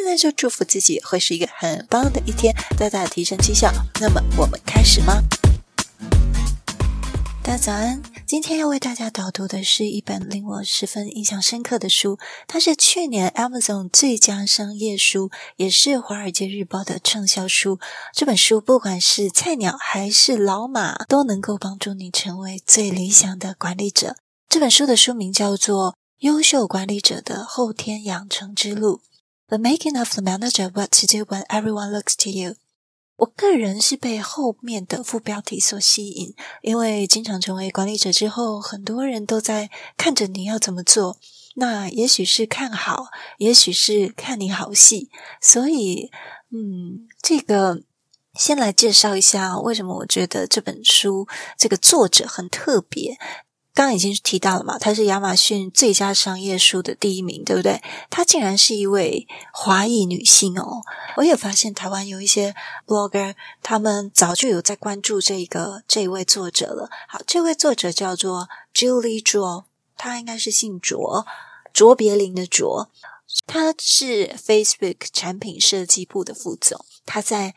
現在就祝福自己會是一個很棒的一天，大大提升績效。那麼，我們開始吧。大家早安！今天要為大家導讀的是一本令我十分印象深刻的書，它是去年 Amazon 最佳商業書，也是《華爾街日報》的暢銷書。這本書不管是菜鳥還是老馬，都能夠幫助你成為最理想的管理者。這本書的書名叫做《優秀管理者的後天養成之路》。The making of a manager: What to do when everyone looks to you。我個人是被後面的副標題所吸引，因為經常成為管理者之後，很多人都在看着你要怎麼做。那也許是看好，也許是看你好戲。所以，嗯，這個先來介紹一下為什麼我覺得這本書這個作者很特別。剛剛已經提到了嘛，她是亞馬遜最佳商業書的第一名，對不對？她竟然是一位華裔女性哦！我也發現台灣有一些 blogger，他們早就有在關注這一個這一位作者了。好，這位作者叫做 Julie Zhuo，她應該是姓卓，卓別林的卓。她是 Facebook 產品設計部的副總，她在，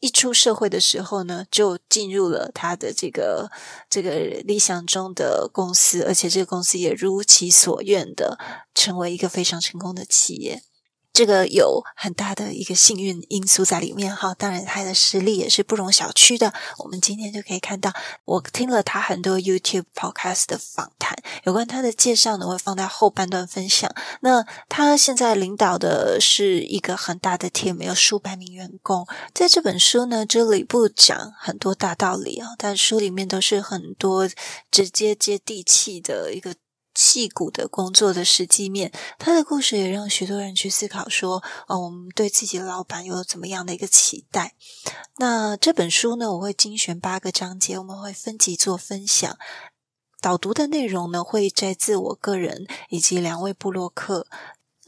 一出社會的時候呢，就進入了他的這個這個理想中的公司，而且這個公司也如其所願的成為一個非常成功的企業。這個有很大的一個幸運因素在裡面哈，當然他的實力也是不容小覷的。我們今天就可以看到，我聽了他很多 YouTube podcast 的訪談，有關他的介紹呢，我會放在後半段分享。那他現在領導的是一個很大的 team，有數百名員工。在這本書呢，這裡不講很多大道理啊，但書裡面都是很多直接接地氣的一個。棄股的工作的實際面，他的故事也讓許多人去思考：說，哦、呃，我們對自己的老板有怎麼樣的一個期待？那這本書呢，我會精選八個章節，我們會分集做分享。導讀的內容呢，會在自我個人以及兩位部落客。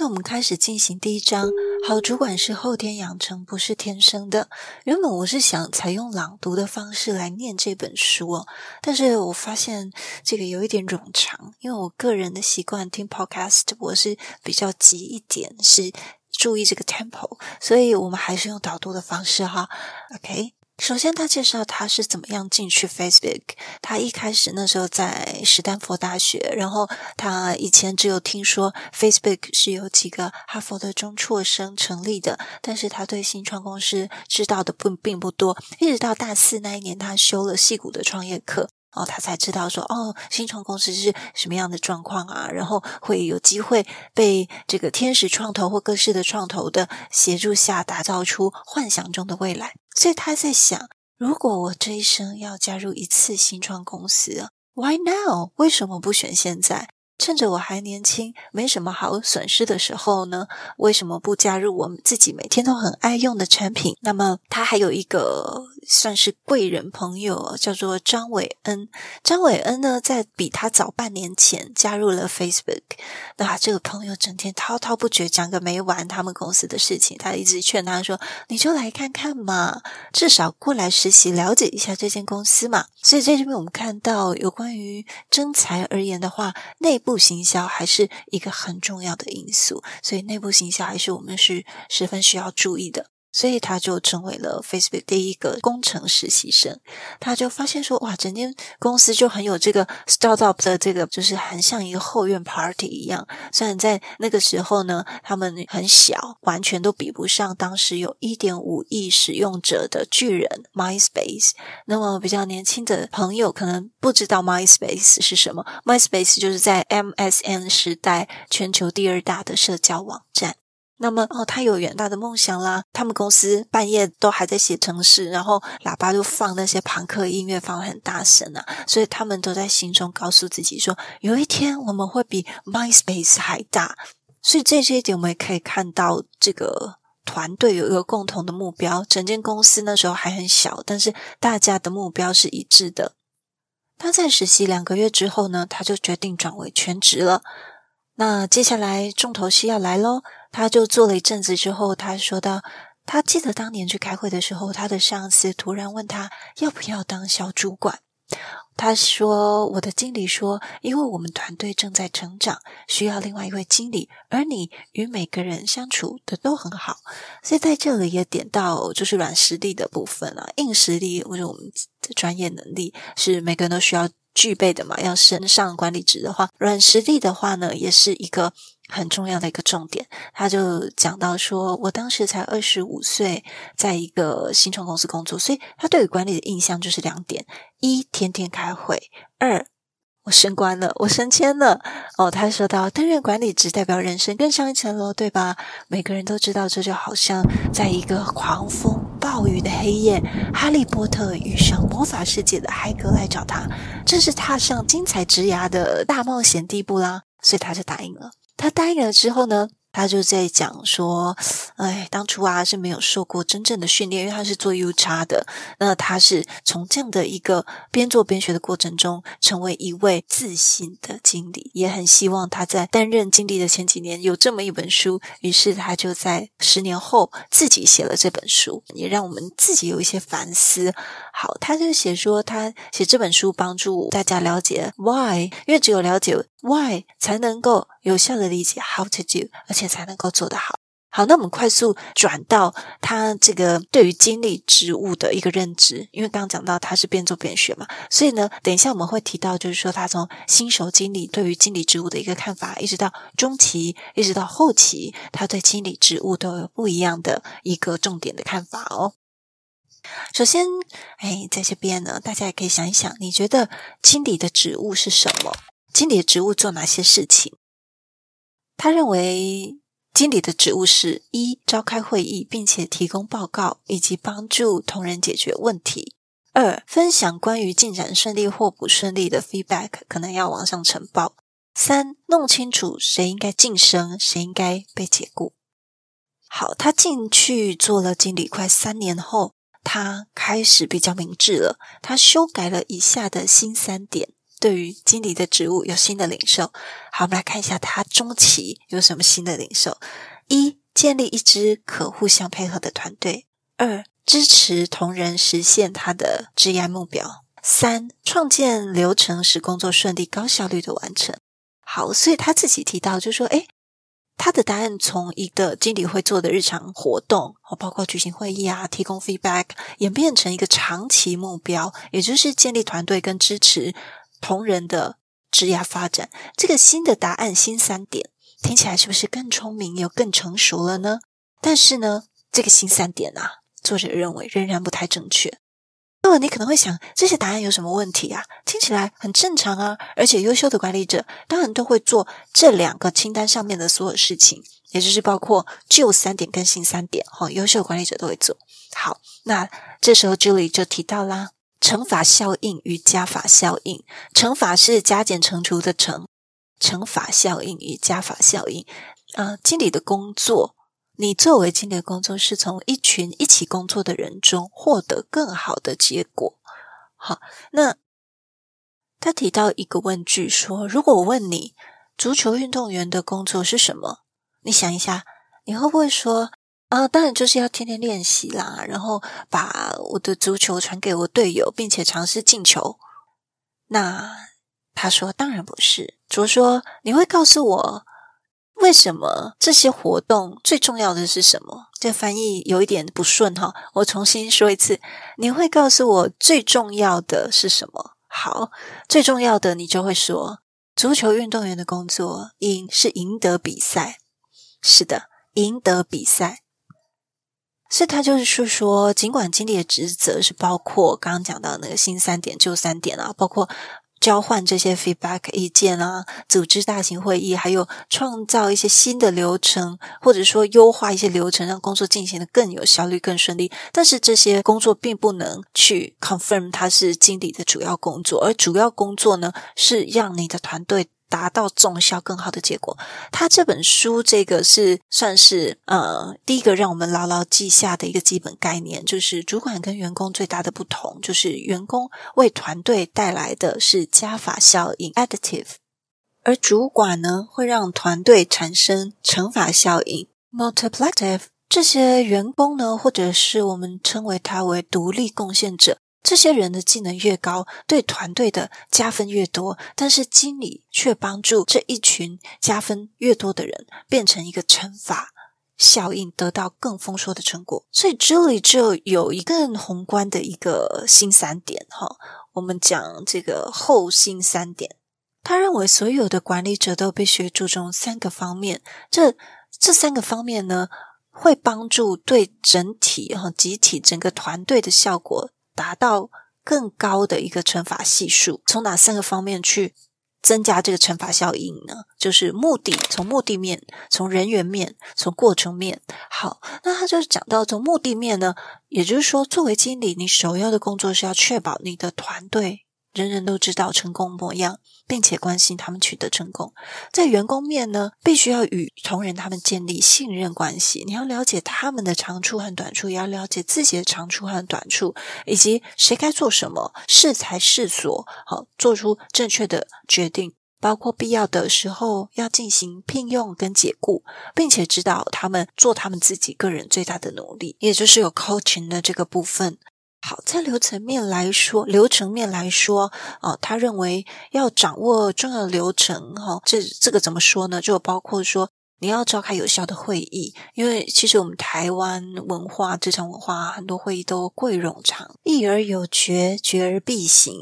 那我們開始進行第一章。好，主管是後天養成，不是天生的。原本我是想採用朗讀的方式來念這本書，哦，但是我發現這個有一點冗長，因為我個人的習慣聽 podcast，我是比較急一點，是注意這個 tempo，所以我們還是用導讀的方式哈。OK。首先，他介紹他是怎麼樣進去 Facebook。他一開始那時候在史丹佛大學，然後他以前只有聽說 Facebook 是由幾個哈佛的中輟生成立的，但是他對新創公司知道的不並不多。一直到大四那一年，他修了矽谷的創業課，哦，他才知道說哦，新創公司是什麼樣的狀況啊，然後會有機會被這個天使創投或各式的創投的協助下打造出幻想中的未來。所以他在想，如果我這一生要加入一次新創公司，Why now？為什麼不選現在？趁着我還年輕，沒什麼好損失的時候呢？為什麼不加入我們自己每天都很愛用的產品？那麼他還有一個。算是貴人朋友，叫做張偉恩。張偉恩呢，在比他早半年前加入了 Facebook。那他這個朋友整天滔滔不絕，講個沒完，他們公司的事情。他一直勸他說：“你就來看看嘛，至少過來實習，了解一下這間公司嘛。”所以在這邊，我們看到有關於徵才而言的話，內部行銷還是一個很重要的因素。所以內部行銷還是我們是十分需要注意的。所以他就成為了 Facebook 第一個工程實習生，他就發現說：“哇，整間公司就很有這個 startup 的這個，就是很像一個後院 party 一樣。雖然在那個時候呢，他們很小，完全都比不上當時有一點五億使用者的巨人 MySpace。那麼比較年輕的朋友可能不知道 MySpace 是什麼，MySpace 就是在 MSN 時代全球第二大的社交網站。”那麼哦，他有遠大的夢想啦。他們公司半夜都還在寫程式，然後喇叭就放那些朋克音樂，放得很大聲啊。所以他們都在心中告訴自己說：有一天我們會比 MySpace 還大。所以這些點我們也可以看到，這個團隊有一個共同的目標。整間公司那時候還很小，但是大家的目標是一致的。他在實習兩個月之後呢，他就決定轉為全職了。那接下來重頭戲要來嘍。他就做了一陣子之後，他說到：“他記得當年去開會的時候，他的上司突然問他要不要當小主管。他說：‘我的經理說，因為我們團隊正在成長，需要另外一位經理，而你與每個人相處的都很好。’所以在這裡也點到就是軟實力的部分啊。硬實力或者我，我們的專業能力是每個人都需要具備的嘛？要升上管理職的話，軟實力的話呢，也是一個。”很重要的一個重點，他就講到說：“我當時才二十五歲，在一個新創公司工作，所以他對於管理的印象就是兩點：一，天天開會，二，我升官了，我升遷了。”哦，他說到：“擔任管理職代表人生更上一層樓，對吧？”每個人都知道，這就好像在一個狂風暴雨的黑夜，哈利波特遇上魔法世界的海格來找他，這是踏上精彩之涯的大冒險地步啦。所以他就答應了。他答應了之後呢，他就在講說：“哎，當初啊是沒有受過真正的訓練，因為他是做 U 叉的。那他是從這樣的一個邊做邊學的過程中，成為一位自信的經理，也很希望他在擔任經理的前幾年有這麼一本書。於是他就在十年後自己寫了這本書，也讓我們自己有一些反思。”好，他就寫說他寫這本書幫助大家了解 why，因為只有了解 why 才能夠有效的理解 how to do，而且才能夠做得好。好，那我們快速轉到他這個對於經理職務的一個認知，因為剛剛講到他是邊做邊學嘛，所以呢，等一下我們會提到，就是說他從新手經理對於經理職務的一個看法，一直到中期，一直到後期，他對經理職務都有不一樣的一個重點的看法哦。首先，哎，在這邊呢，大家也可以想一想，你覺得經理的職務是什麼？經理的職務做哪些事情？他認為經理的職務是一召開會議，並且提供報告，以及幫助同仁解決問題；二分享關於進展順利或不順利的 feedback，可能要往上呈報；三弄清楚誰應該晉升，誰應該被解雇。好，他進去做了經理快三年後。他開始比較明智了，他修改了以下的新三點，對於經理的職務有新的領受。好，我們來看一下他中期有什麼新的領受：一、建立一支可互相配合的團隊；二、支持同仁實現他的職業目標；三、創建流程使工作順利、高效率的完成。好，所以他自己提到就說：“誒。他的答案從一個經理會做的日常活動，哦，包括舉行會議啊，提供 feedback，演變成一個長期目標，也就是建立團隊跟支持同仁的職業發展。這個新的答案新三點聽起來是不是更聰明又更成熟了呢？但是呢，這個新三點啊，作者認為仍然不太正確。那麼你可能會想，這些答案有什麼問題啊？聽起來很正常啊，而且優秀的管理者當然都會做這兩個清單上面的所有事情，也就是包括舊三點更新三點哈、哦，優秀的管理者都會做好。那這時候，Julie 就提到啦，乘法效應與加法效應，乘法是加減乘除的乘，乘法效應與加法效應啊、呃，經理的工作。你作為經理的工作，是從一群一起工作的人中獲得更好的結果。好，那他提到一個問句，說：“如果我問你，足球運動員的工作是什麼？你想一下，你會不會說啊？當然就是要天天練習啦，然後把我的足球傳給我隊友，並且嘗試進球。”那那他說：“當然不是。”卓說：“你會告訴我？”為什麼這些活動最重要的是什麼？這翻譯有一點不順哈、哦，我重新說一次。你會告訴我最重要的是什麼？好，最重要的你就會說，足球運動員的工作贏是贏得比賽。是的，贏得比賽。所以他就是說，儘管經理的職責是包括剛剛講到那個新三點，舊三點啊，包括。交換這些 feedback 意見啊，組織大型會議，還有創造一些新的流程，或者說優化一些流程，讓工作進行的更有效率，更順利。但是這些工作並不能去 confirm 它是經理的主要工作，而主要工作呢，是讓你的團隊達到綜效更好的結果。他這本書這個是算是呃、嗯、第一個讓我們牢牢記下的一個基本概念，就是主管跟員工最大的不同，就是員工為團隊帶來的是加法效應 （additive），而主管呢會讓團隊產生乘法效應 （multiplicative）。Multi 這些員工呢，或者是我們稱為他為獨立貢獻者。這些人的技能越高，對團隊的加分越多，但是經理卻幫助這一群加分越多的人變成一個乘法效應，得到更豐碩的成果。所以這裡就有一個很宏觀的一個新三點哈。我們講這個後新三點，他認為所有的管理者都必須注重三個方面。這這三個方面呢，會幫助對整體哈集體整個團隊的效果。達到更高的一個乘法係數，從哪三個方面去增加這個乘法效應呢？就是目的，從目的面，從人員面，從過程面。好，那他就是講到從目的面呢，也就是說，作為經理，你首要的工作是要確保你的團隊。人人都知道成功模樣，並且關心他們取得成功。在員工面呢，必須要與同仁他們建立信任關係。你要了解他們的長處和短處，也要了解自己的長處和短處，以及誰該做什麼，適才適所，好做出正確的決定。包括必要的時候要進行聘用跟解雇，並且指導他們做他們自己個人最大的努力，也就是有 coaching 的這個部分。好，在流程面來說，流程面來說，哦，他認為要掌握重要的流程，哈、哦，這這個怎麼說呢？就包括說，你要召開有效的會議，因為其實我們台灣文化、職場文化很多會議都過於冗長，議而有決，決而必行。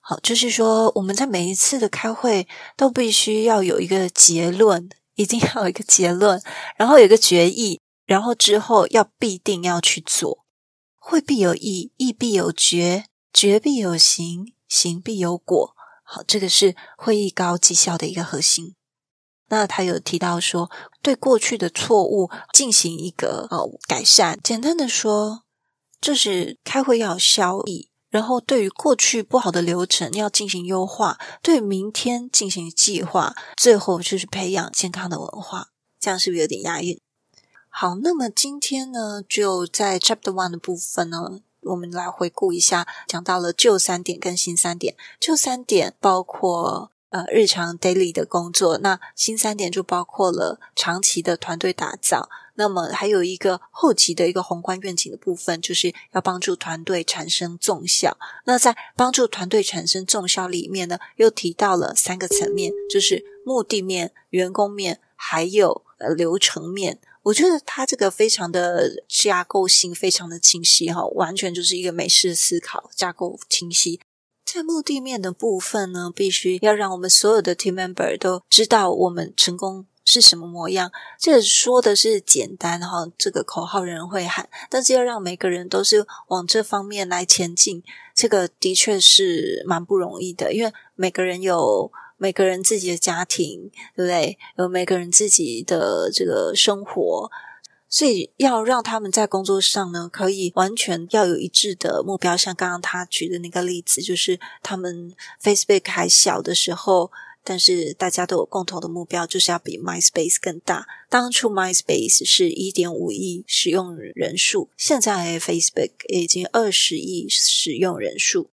好，就是說我們在每一次的開會都必須要有一個結論，一定要有一個結論，然後有一個決議，然後之後要必定要去做。會必有義，義必有決，決必有行，行必有果。好，這個是會議高績效的一個核心。那他有提到說，對過去的錯誤進行一個呃改善。簡單的說，就是開會要效益，然後對於過去不好的流程要進行優化，對明天進行計劃，最後就是培養健康的文化。這樣是不是有點押韻？好，那麼今天呢，就在 Chapter One 的部分呢，我們來回顧一下，講到了舊三點跟新三點。舊三點包括呃日常 daily 的工作，那新三點就包括了長期的團隊打造。那麼還有一個後期的一個宏觀願景的部分，就是要幫助團隊產生綜效。那在幫助團隊產生綜效裡面呢，又提到了三個層面，就是目的面、員工面，還有呃流程面。我覺得他這個非常的架構性，非常的清晰哈，完全就是一個美式思考，架構清晰。在目的面的部分呢，必須要讓我們所有的 team member 都知道我們成功是什麼模樣。這個說的是簡單哈，這個口號人會喊，但是要讓每個人都是往這方面來前進，這個的確是蠻不容易的，因為每個人有，每個人自己的家庭，對不對？有每個人自己的這個生活，所以要讓他們在工作上呢，可以完全要有一致的目標。像剛剛他舉的那個例子，就是他們 Facebook 還小的時候，但是大家都有共同的目標，就是要比 MySpace 更大。當初 MySpace 是一點五億使用人數，現在 Facebook 已經二十億使用人數。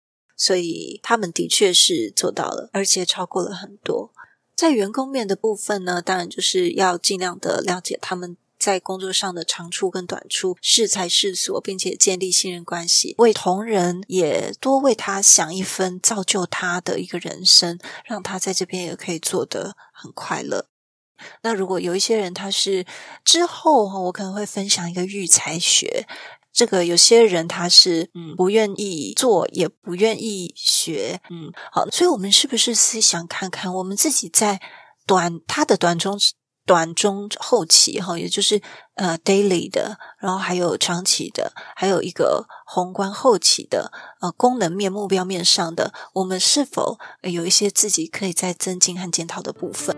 所以他們的確是做到了，而且超過了很多。在員工面的部分呢，當然就是要盡量的了解他們在工作上的長處跟短處，適才適所，並且建立信任關係，為同仁也多為他想一分，造就他的一個人生，讓他在這邊也可以做得很快樂。那如果有一些人，他是，之後我可能會分享一個育才學。這個有些人他是嗯，不願意做，嗯、也不願意學，嗯，好，所以我們是不是先想看看我們自己在短他的短中短中後期哈，也就是呃 daily 的，然後還有長期的，還有一個宏觀後期的，呃功能面目標面上的，我們是否有一些自己可以再增進和檢討的部分？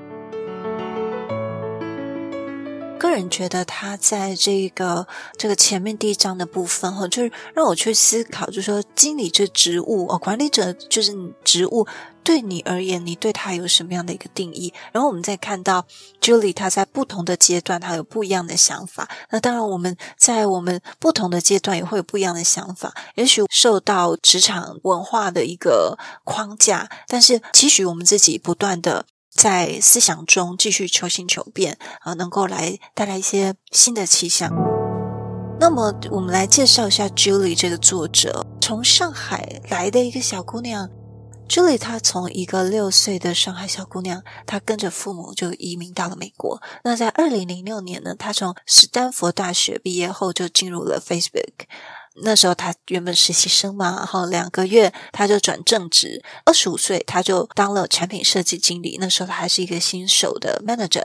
個人覺得他在這個這個前面第一章的部分哈，就是讓我去思考，就是說經理這職務哦，管理者就是職務，對你而言，你對他有什麼樣的一個定義？然後我們再看到 Julie，他在不同的階段，他有不一樣的想法。那當然，我們在我們不同的階段也會有不一樣的想法，也許受到職場文化的一個框架，但是期許我們自己不斷的。在思想中繼續求新求變啊，能夠來帶來一些新的氣象。那麼，我們來介紹一下 Julie 這個作者，從上海來的一個小姑娘。Julie 她從一個六歲的上海小姑娘，她跟着父母就移民到了美國。那在二零零六年呢，她從史丹佛大學畢業後就進入了 Facebook。那時候他原本實習生嘛，然後兩個月他就轉正職，二十五歲他就當了產品設計經理。那時候他還是一個新手的 manager，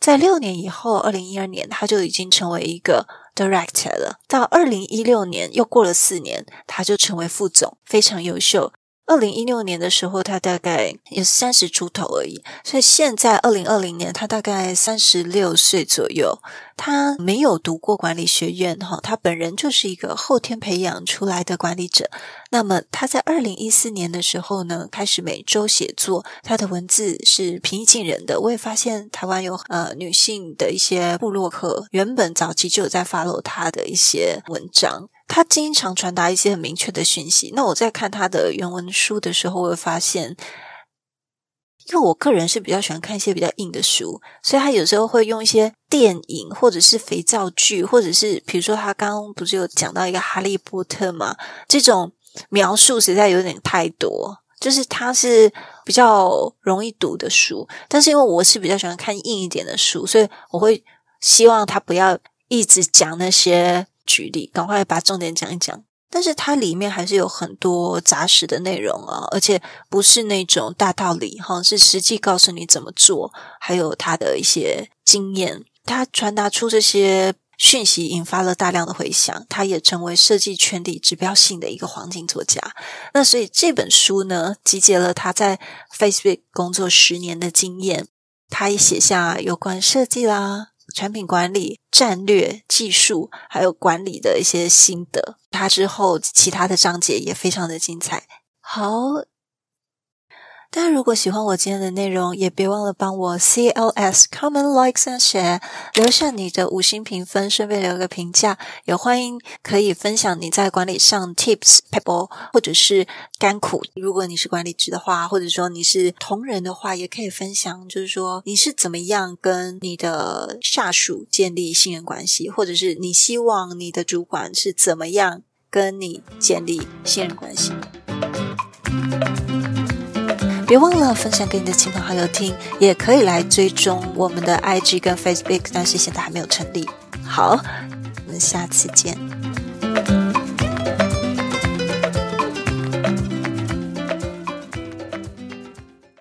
在六年以後，二零一二年他就已經成為一個 director 了。到二零一六年又過了四年，他就成為副總，非常優秀。二零一六年的時候，他大概也三十出頭而已。所以現在二零二零年，他大概三十六歲左右。他沒有讀過管理學院，哈，他本人就是一個後天培養出來的管理者。那麼他在二零一四年的時候呢，開始每周寫作，他的文字是平易近人的。我也發現台灣有呃女性的一些部落客，原本早期就有在 follow 他的一些文章。他經常傳達一些很明確的訊息。那我在看他的原文書的時候，我會發現，因為我個人是比較喜歡看一些比較硬的書，所以他有時候會用一些電影或者是肥皂劇，或者是比如說他剛剛不是有講到一個《哈利波特》嘛？這種描述實在有點太多，就是他是比較容易讀的書，但是因為我是比較喜歡看硬一點的書，所以我會希望他不要一直講那些。舉例，趕快把重點講一講。但是它裡面還是有很多紮實的內容啊，而且不是那種大道理哈，是實際告訴你怎麼做，還有他的一些經驗。他傳達出這些訊息，引發了大量的回響，他也成為設計圈裡指標性的一個黃金作家。那所以這本書呢，集結了他在 Facebook 工作十年的經驗，他也寫下有關設計啦。產品管理、戰略、技術，還有管理的一些心得。他之後其他的章節也非常的精彩。好。大家如果喜歡我今天的內容，也別忘了幫我 CLS comment likes and share，留下你的五星評分，順便留個評價。也歡迎可以分享你在管理上 tips，people 或者是甘苦。如果你是管理職的話，或者說你是同仁的話，也可以分享，就是說你是怎麼樣跟你的下屬建立信任關係，或者是你希望你的主管是怎麼樣跟你建立信任關係。嗯別忘了分享給你的親朋好友聽，也可以來追蹤我們的 IG 跟 Facebook，但是現在還沒有成立。好，我們下次見。